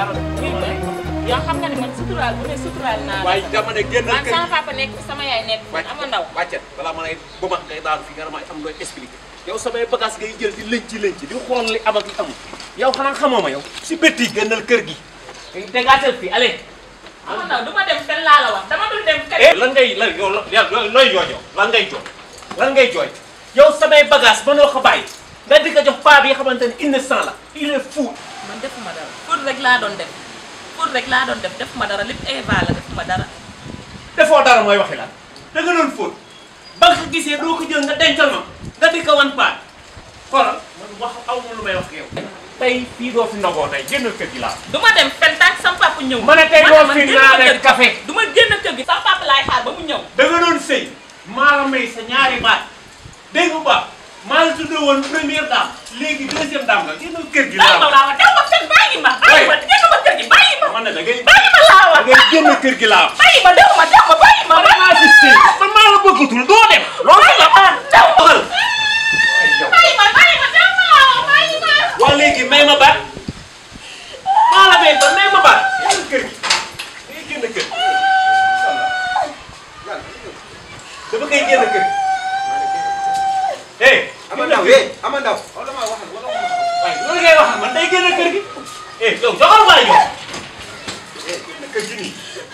dara oui mais yow xam nga ne man suturaal bu ne suturaal naa la. waaye dama ne génn kër sama papa nekk sama ba ma ngay daanu fi samay bagage ngay jël di lëñ ci lëñ ci di xool li am ak li amul yow xanaa xamoo ma yow. si bët yi génnal kër gi. dégaatal fii allez. ama ndaw du ma dem fenn laa la wax dama dul dem kër. Eh, lan ngay lan yow looy jooy lan ngay jooy lan ngay jooy yow samay bagage mënoo ko bàyyi daal di a jox paa bi nga xamante ne innocent la il est fou. man defuma dara pour rek laa doon def pour rek laa doon def defuma dara lépp Eva la defuma dara. defoo dara mooy waxi la da nga doon fóot ba nga gisee doo ko jël nga dencal ma nga di ko wan paa xoolal man wax aw ma lu may wax yow. tey fii doo fi ndogoo tey génn kër gi laa. du ma dem fenn taag sama papa ñëw. ma ne tey doo fi naanee café du ma génn kër gi sama papa laay xaar ba mu ñëw. da nga doon sëy ñaari baat dégg nga maa ngi tuddee woon première dame léegi deuxième dame la génn kër gi. laa ma laa ma daaw ma kër bàyyi ma. bàyyi ma génn ma kër gi bàyyi ma. ma ne da ngay bàyyi ma laa wa da ngay génn kër gi laa. bàyyi ma daaw ma daaw ma bàyyi ma. man maa gis tey man maa la bëggatul doo dem. loolu la ah daaw ma. bàyyi ma bàyyi ma daaw ma laa wa bàyyi ma. waaw léegi may ma baat maa la may ba may ma baat génn kër gi day génn kër. dafa koy génn kër. bee ama ndaw. wala maa waxal wala maa waxal. waaye loolu ngay waxal man day génn kër gi. eh yow doxal wala yow. eh kër gi nii.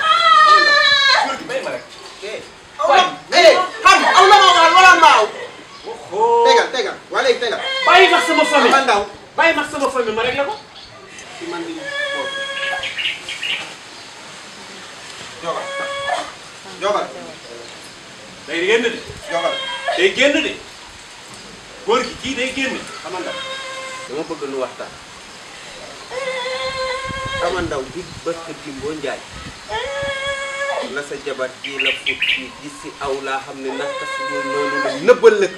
Ah! kër gi may ma rek. eh aw la eh xam aw la ma waxal wala maa aw. tegal tegal waa léegi tegal. bàyyi ma sama famille ama ndaw. bàyyi ma sama famille ma rek la ko. ci man mii foofu. Jokal Jokal. day génn de. Jokal day génn de. góor gi kii day génn xama ndaw dama bëgg nu waxtaan xama ndaw bi bës ka dimboo njaay na sa jabar ji la fut yi gis si aw laa xam ne naka si noonu la nëbbal lëkk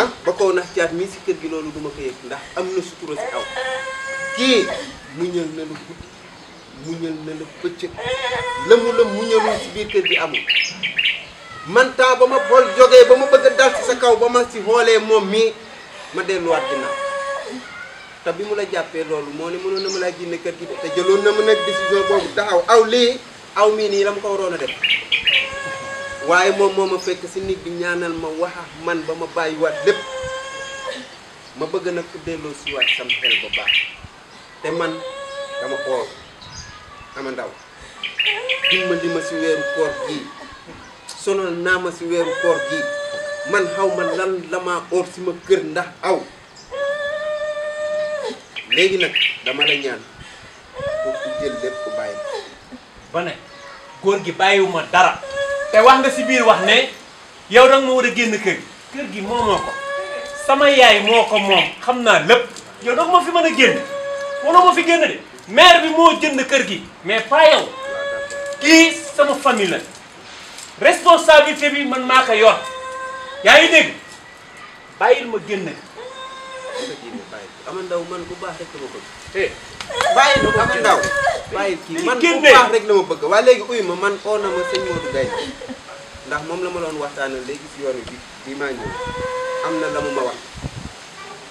ah ba kaw nax caat mii si kër gi loolu duma ko yëg ndax am na sutura si aw kii muñal na la guddi muñal na la bëccëg la mu la muñalul si biir kër gi amul man temps ba ma bool jógee ba ma bëgg dal ci sa kaw ba ma ci holé mom mi ma wat dina ta bi mu la jappé lolou mo ni mënoon na mëna laa kër gi té jëlon na mëna décision bobu taxaw aw li aw mi ni lam ko warona def waye mom moma fekk ci nit bi ñaanal ma wax man ba ma wat lepp ma bëgg nag ku delloo si sam xel ba baax té man dama ko sama ndaw dimbali ma ci wéru koor gi solo naa ma si weeru koor gii man xaw ma lan la maa oor si ma kër ndax aw léegi nag dama la ñaan pour ku jël lépp ku bàyyi ba ne góor gi ma dara te wax nga si biir wax ne yow danga ma war a génn kër gi kër gi moomoo ko sama yaay moo ko moom xam naa lépp yow danga ma fi man a génn mënoo ma fi génn de maire bi moo jënd kër gi mais pas yow kii sama famille responsabilité bi man maa ko yor yaa ngi dégg bàyyil ma génn. ama ndaw man bu baax rek la ma bëgg. Eh, bàyyil ama ndaw. bàyyil kii man bu baax rek la ma bëgg waaye léegi uy ma man oo na ma sëñ Modou Gaye ndax moom la ma loon waxtaanal léegi si yoon bi bii maa ñëw am na la mu ma wax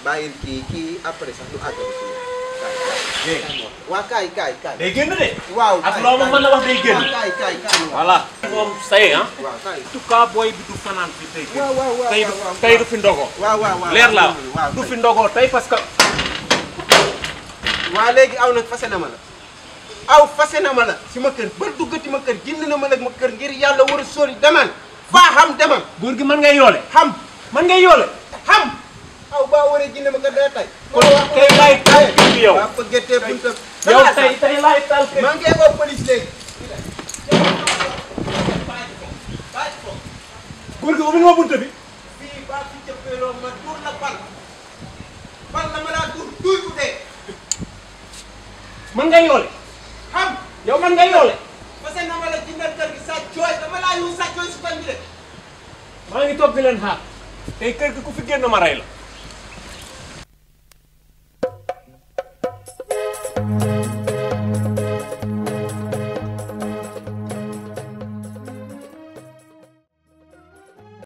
bàyyil kii kii après sax du àggal si dégg nga day génn de. waaw ak loo ma mën la wax day génn. waaw saye ah. waaw kaay bi du fanaan fi tey. waaw waaw du fi ndogoo. leer la du fi ndogoo tey parce que. waa léegi aw nag fase na ma la. aw fase na ma la. si ma kër ba duggati ma kër jënd na ma nag ma kër ngir yàlla war a sóori demal. faa xam demal. góor gi mën ngay yoole. xam mën ngay yoole. xam aw baa war a ma kër day tay. kon tey laay tay. ak yow. yow tey tey laay taal kër maa gi ubbi nga ma bunte bi. fii ba nga yoole. xam yow mën nga yoole. parce que na ma la jëndal kër gi sa dama laa yu sa su ko njëlee. maa ngi toog di leen xaar. tey kër gi ku fi génn ma rey la.